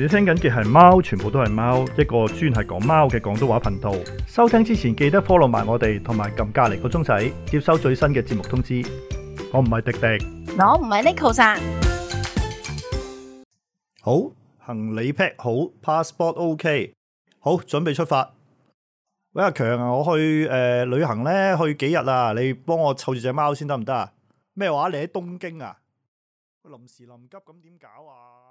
你聽緊嘅係貓，全部都係貓，一個專係講貓嘅廣東話頻道。收聽之前記得 follow 埋我哋，同埋撳隔籬個鐘仔，接收最新嘅節目通知。我唔係迪迪，我唔係 Neko。好，行李 pack 好，passport OK，好，準備出發。喂阿強啊，我去誒、呃、旅行咧，去幾日啊？你幫我湊住隻貓先得唔得啊？咩話？你喺東京啊？臨時臨急咁點搞啊？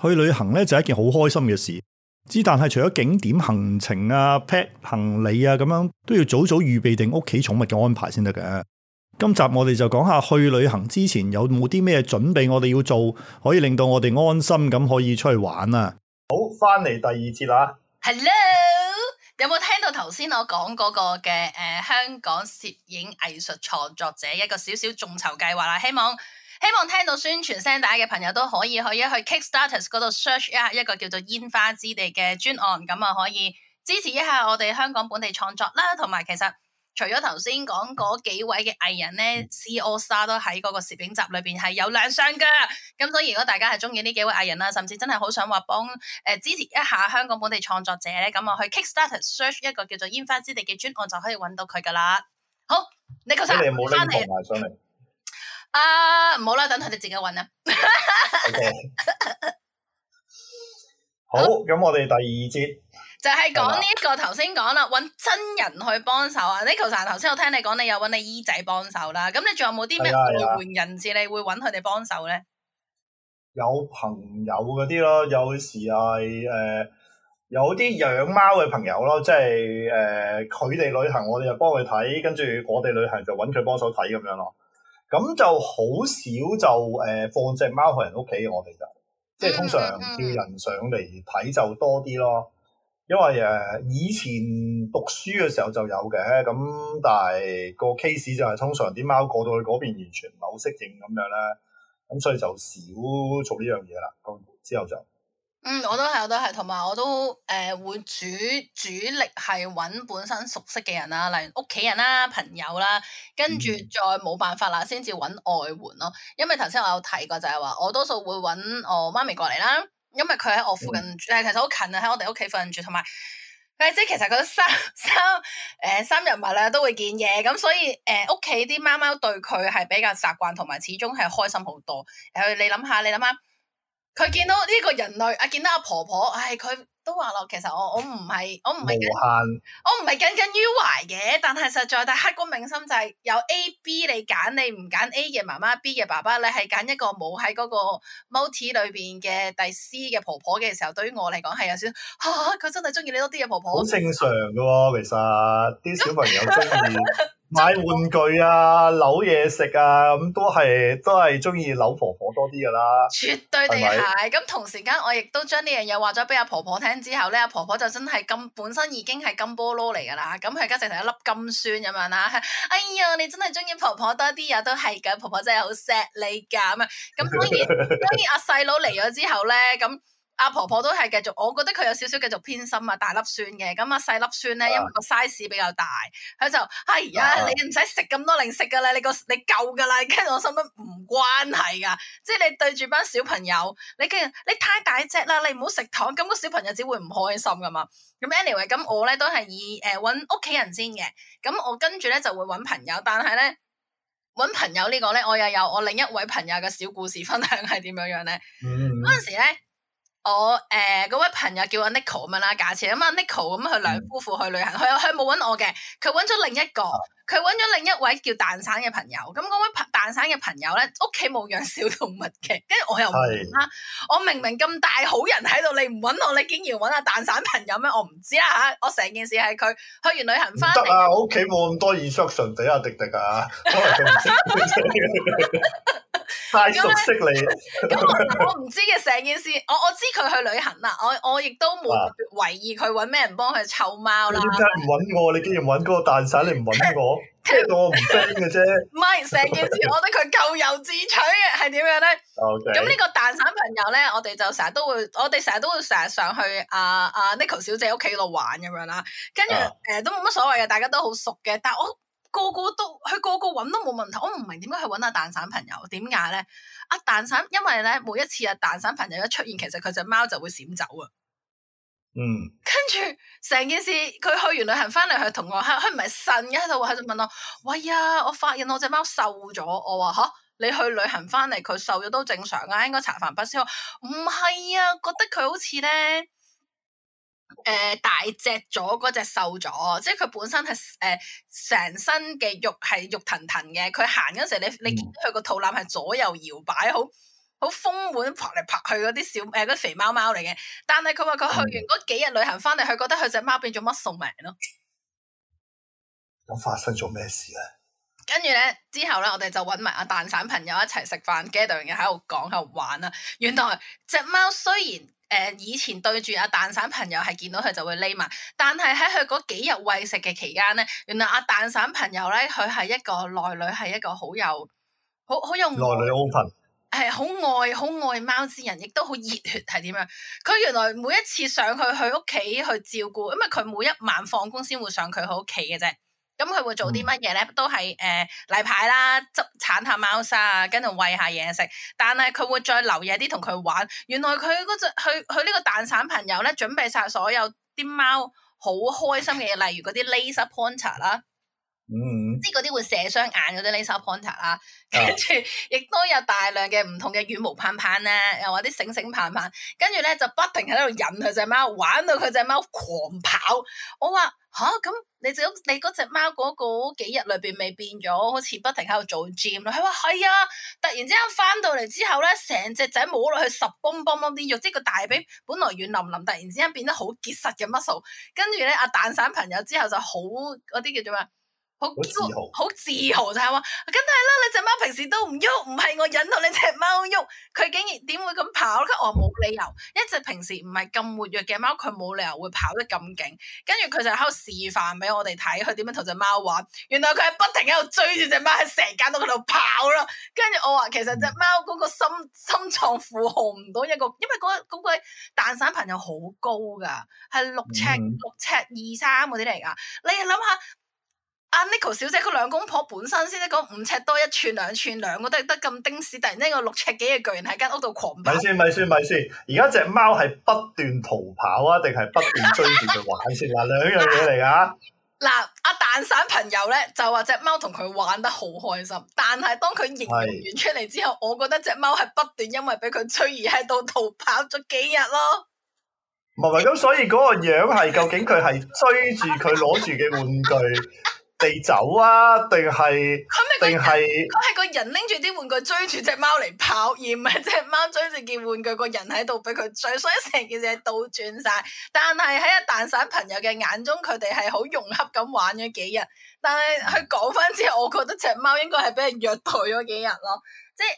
去旅行咧就係一件好開心嘅事，之但係除咗景點行程啊、pack 行李啊咁樣，都要早早預備定屋企寵物嘅安排先得嘅。今集我哋就講下去旅行之前有冇啲咩準備我哋要做，可以令到我哋安心咁可以出去玩啊！好，翻嚟第二節啦。Hello，有冇聽到頭先我講嗰個嘅誒、呃、香港攝影藝術創作者一個少少眾籌計劃啦？希望。希望聽到宣傳聲帶嘅朋友都可以去一去 Kickstarter 嗰度 search 一下一個叫做《煙花之地》嘅專案，咁啊可以支持一下我哋香港本地創作啦。同埋，其實除咗頭先講嗰幾位嘅藝人咧，COSA、嗯、都喺嗰個攝影集裏邊係有亮相嘅。咁所以，如果大家係中意呢幾位藝人啦，甚至真係好想話幫誒支持一下香港本地創作者咧，咁我去 Kickstarter search 一個叫做《煙花之地》嘅專案就可以揾到佢噶啦。好，你唔好拎過埋上嚟。上啊，唔、uh, 好啦，等佢哋自己搵啦。 Okay. 好，咁 我哋第二節就係講呢一個頭先講啦，搵真吧人去幫手啊。Neko 啊，頭先我聽你講，你有搵你姨仔幫手啦。咁你仲有冇啲咩外援人士你會搵佢哋幫手咧？有朋友嗰啲咯，有時係誒、呃、有啲養貓嘅朋友咯，即係誒佢哋旅行我，我哋就幫佢睇，跟住我哋旅行就搵佢幫手睇咁樣咯。咁就好少就誒、呃、放隻貓去人屋企，我哋就即係通常叫人上嚟睇就多啲咯。因為誒、呃、以前讀書嘅時候就有嘅，咁但係個 case 就係通常啲貓過到去嗰邊完全唔係好適應咁樣咧，咁所以就少做呢樣嘢啦。咁之後就。嗯，我都係，我都係，同埋我都誒、呃、會主主力係揾本身熟悉嘅人啦，例如屋企人啦、朋友啦，跟住再冇辦法啦，先至揾外援咯。因為頭先我有提過就係、是、話，我多數會揾我媽咪過嚟啦，因為佢喺我附近，嗯呃、近住。誒其實好近啊，喺我哋屋企附近住，同埋誒即係其實佢三三誒三日物咧都會見嘢，咁所以誒屋企啲貓貓對佢係比較習慣，同埋始終係開心好多。誒你諗下，你諗下。佢見到呢個人類，啊見到阿婆婆，唉、哎，佢都話咯，其實我我唔係我唔係，我唔係耿耿於懷嘅，但係實在，但係刻骨銘心就係有 A, B A 媽媽、B 你揀，你唔揀 A 嘅媽媽，B 嘅爸爸，你係揀一個冇喺嗰個 multi 裏邊嘅第 C 嘅婆婆嘅時候，對於我嚟講係有少，少、啊。」佢真係中意你多啲嘅婆婆。好正常噶、啊，其實啲小朋友中意。 買玩具啊，扭嘢食啊，咁都係都係中意扭婆婆多啲噶啦，絕對地係。咁同時間我亦都將呢樣嘢話咗俾阿婆婆聽之後咧，阿婆婆就真係咁，本身已經係金菠蘿嚟噶啦，咁佢而家淨係一粒金酸咁樣啦。哎呀，你真係中意婆婆多啲，啊，也都係噶，婆婆真係好錫你噶咁 啊。咁當然當然阿細佬嚟咗之後咧咁。阿婆婆都係繼續，我覺得佢有少少繼續偏心啊，大粒酸嘅，咁啊細粒酸咧，啊、因為個 size 比較大，佢就哎呀，啊、你唔使食咁多零食噶啦，你個你夠噶啦。跟住我心諗唔關係噶，即係你對住班小朋友，你跟住你太大隻啦，你唔好食糖，咁、那個小朋友只會唔開心噶嘛。咁 anyway，咁我咧都係以誒搵屋企人先嘅，咁我跟住咧就會搵朋友，但係咧搵朋友個呢個咧，我又有我另一位朋友嘅小故事分享係點樣樣咧。嗰陣、嗯、時咧。我誒，嗰、呃、位朋友叫阿 Neko 咁樣啦，假設咁啊，Neko 咁佢兩夫婦去旅行，佢佢冇揾我嘅，佢揾咗另一個，佢揾咗另一位叫蛋散嘅朋友。咁嗰位蛋散嘅朋友咧，屋企冇養小動物嘅，跟住我又唔係啦，是我明明咁大好人喺度，你唔揾我，你竟然揾阿蛋散朋友咩？我唔知啦吓、啊，我成件事係佢去完旅行翻。得啊，後我屋企冇咁多 instruction 俾阿迪迪啊。 太熟悉你 咁 我唔知嘅成件事我，我我知佢去旅行啦，我我亦都冇懷疑佢搵咩人幫佢湊貓啦。啊、你點解唔搵我，你竟然搵嗰個蛋散，你唔搵我，聽 到我唔 friend 嘅啫。唔係成件事，我覺得佢咎由自取嘅， 係點 Okay. 樣咧？咁呢個蛋散朋友咧，我哋就成日都會，我哋成日都會成日上去阿、啊、阿、啊、Neko 小姐屋企度玩咁樣啦。跟住誒、啊呃、都冇乜所謂嘅，大家都好熟嘅，但係我。個個都佢個個搵都冇問題，我唔明點解佢搵阿蛋散朋友？點解咧？阿蛋散因為咧，每一次阿蛋散朋友一出現，其實佢隻貓就會閃走啊。嗯。跟住成件事，佢去完旅行翻嚟，佢同我，佢佢唔係神嘅喺度，佢就問我：喂啊，我發現我隻貓瘦咗。我話吓，你去旅行翻嚟佢瘦咗都正常啊，應該茶飯不思。唔係啊，覺得佢好似咧。誒、呃，大隻咗，嗰隻瘦咗，即係佢本身係誒，成、呃、身嘅肉係肉騰騰嘅，佢行嗰時你你見到佢個肚腩係左右搖擺，好好豐滿，拍嚟，拍去嗰啲小誒嗰、呃、肥貓貓嚟嘅，但係佢話佢去完嗰幾日旅行翻嚟，佢的覺得佢隻貓變咗 muscle man 咯。咁發生咗咩事咧？跟住咧之後咧，我哋就搵埋阿蛋散朋友一齊食飯，gather 嘢，喺度講喺度玩啦。原來隻貓雖然。雖然誒、以前對住阿蛋散朋友係見到佢就會匿埋，但係喺佢嗰幾日餵食嘅期間咧，原來阿蛋散朋友咧，佢係一個內裏係一個好有好好有內裏裡 open，係好愛好愛貓之人，亦都好熱血。係點樣？佢原來每一次上佢去屋企去，去照顧，因為佢每一晚放工先會上佢去屋企嘅啫。咁佢、嗯、會做啲乜嘢咧？都係誒、呃、例牌啦，執鏟下貓砂啊，跟住餵下嘢食。但係佢會再留意啲同佢玩。原來佢只佢佢呢個蛋散朋友咧，準備晒所有啲貓好開心嘅嘢，例如嗰啲 laser pointer 啦。嗯嗯、即係嗰啲會射雙眼嗰啲呢 laser pointer 啦，跟住亦都有大量嘅唔同嘅軟毛盼盼啦，又或者醒醒盼盼。跟住咧就不停喺度引佢隻貓，玩到佢隻貓狂跑。我話吓咁，你隻你嗰隻貓嗰嗰幾日裏邊未變咗，好似不停喺度做 gym 啦。佢話係啊，突然之間翻到嚟之後咧，成隻仔摸落去十磅磅磅啲肉，即係個大髀本來軟腍腍，突然之間變得好結實嘅 muscle。跟住咧阿蛋散朋友之後就好嗰啲叫做咩？好自豪，好自豪就係話，梗係啦！你隻貓平時都唔喐，唔係我引到你隻貓喐，佢竟然點會咁跑？我冇理由，一隻平時唔係咁活躍嘅貓，佢冇理由會跑得咁勁。跟住佢就喺度示範俾我哋睇，佢點樣同隻貓玩。原來佢係不停喺度追住隻貓，喺成間都喺度跑咯。跟住我話，其實隻貓嗰個心心臟負荷唔到一個，因為嗰、那、嗰個蛋散朋友好高噶，係六尺六尺二三嗰啲嚟噶。你諗下。阿、啊、Neko 小姐，佢兩公婆本身先得個五尺多一寸兩寸，兩個都得咁丁屎，突然呢個六尺幾嘅巨人喺間屋度狂跑。咪先咪先咪先，而家隻貓係不斷逃跑啊，定係不斷追住佢玩先？嗱、 啊，兩樣嘢嚟噶。嗱、啊，阿蛋散朋友咧就話隻貓同佢玩得好開心，但係當佢形容完出嚟之後，是我覺得隻貓係不斷因為俾佢追而喺度逃跑咗幾日咯。唔係咁，所以嗰個樣係究竟佢係追住佢攞住嘅玩具？ 地走啊，定係，定係，佢係個人拎住啲玩具追住隻貓嚟跑，而唔係隻貓追住件玩具個人喺度俾佢追。所以成件事係倒轉晒。但係喺一蛋散朋友嘅眼中，佢哋係好融洽咁玩咗幾日。但係佢講返之後，我覺得隻貓應該係俾人虐待咗幾日咯，即係。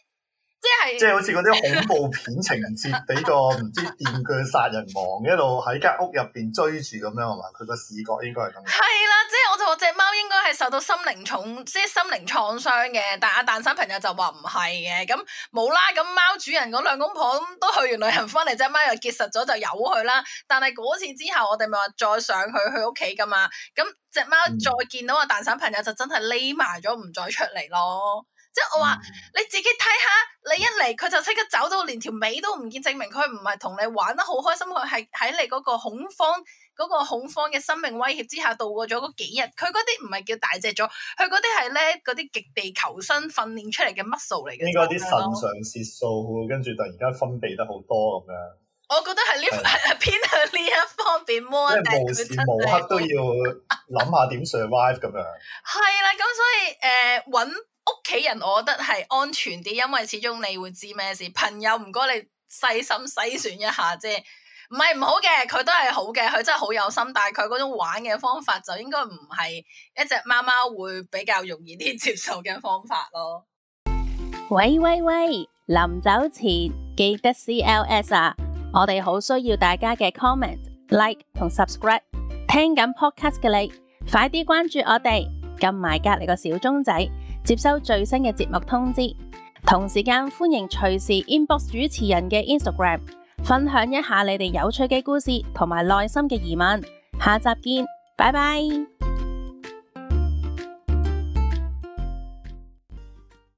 即係 即係好似嗰啲恐怖片情人節，俾個唔知電鋸殺人王一路喺間屋入邊追住咁樣係嘛？佢個視覺應該係咁。係啦， 即係我就話隻貓應該係受到心靈創，即係心靈創傷嘅。但阿蛋散朋友就話唔係嘅，咁冇啦。咁貓主人嗰兩公婆都去完旅行翻嚟，隻貓又結實咗就由佢啦。但係嗰次之後，我哋咪話再上去佢屋企噶嘛？咁隻貓再見到阿蛋散朋友就真係匿埋咗，唔再出嚟咯。即係我話你自己睇下，你一嚟佢就即刻走到連條尾都唔見，證明佢唔係同你玩得好開心，佢係喺你嗰個恐慌嗰個恐慌嘅生命威脅之下度過咗嗰幾日。佢嗰啲唔係叫大隻咗，佢嗰啲係咧嗰啲極地求生訓練出嚟嘅 muscle 嚟嘅。應該啲腎上腺素，對吧 跟住突然間分泌得好多咁樣。我覺得係呢，係是的 偏向呢一方面。即係無時無刻都要諗下點 survive 咁樣。係啦，咁所以誒揾。呃屋企人我覺得係安全啲，因為始終你會知咩事。朋友唔該，你細心細選一下啫，唔係唔好嘅，佢都係好嘅，佢真係好有心。但係佢嗰種玩嘅方法就應該唔係一隻貓貓會比較容易啲接受嘅方法咯。喂喂喂！臨走前記得 C L S 啊！我哋好需要大家嘅 comment、like 同 subscribe。聽緊 podcast 嘅你，快啲關注我哋，撳埋隔籬個小鐘仔。接收最新嘅節目通知，同時間歡迎隨時 inbox 主持人嘅 Instagram，分享一下你哋有趣嘅故事同埋內心嘅疑問。下集見，拜拜。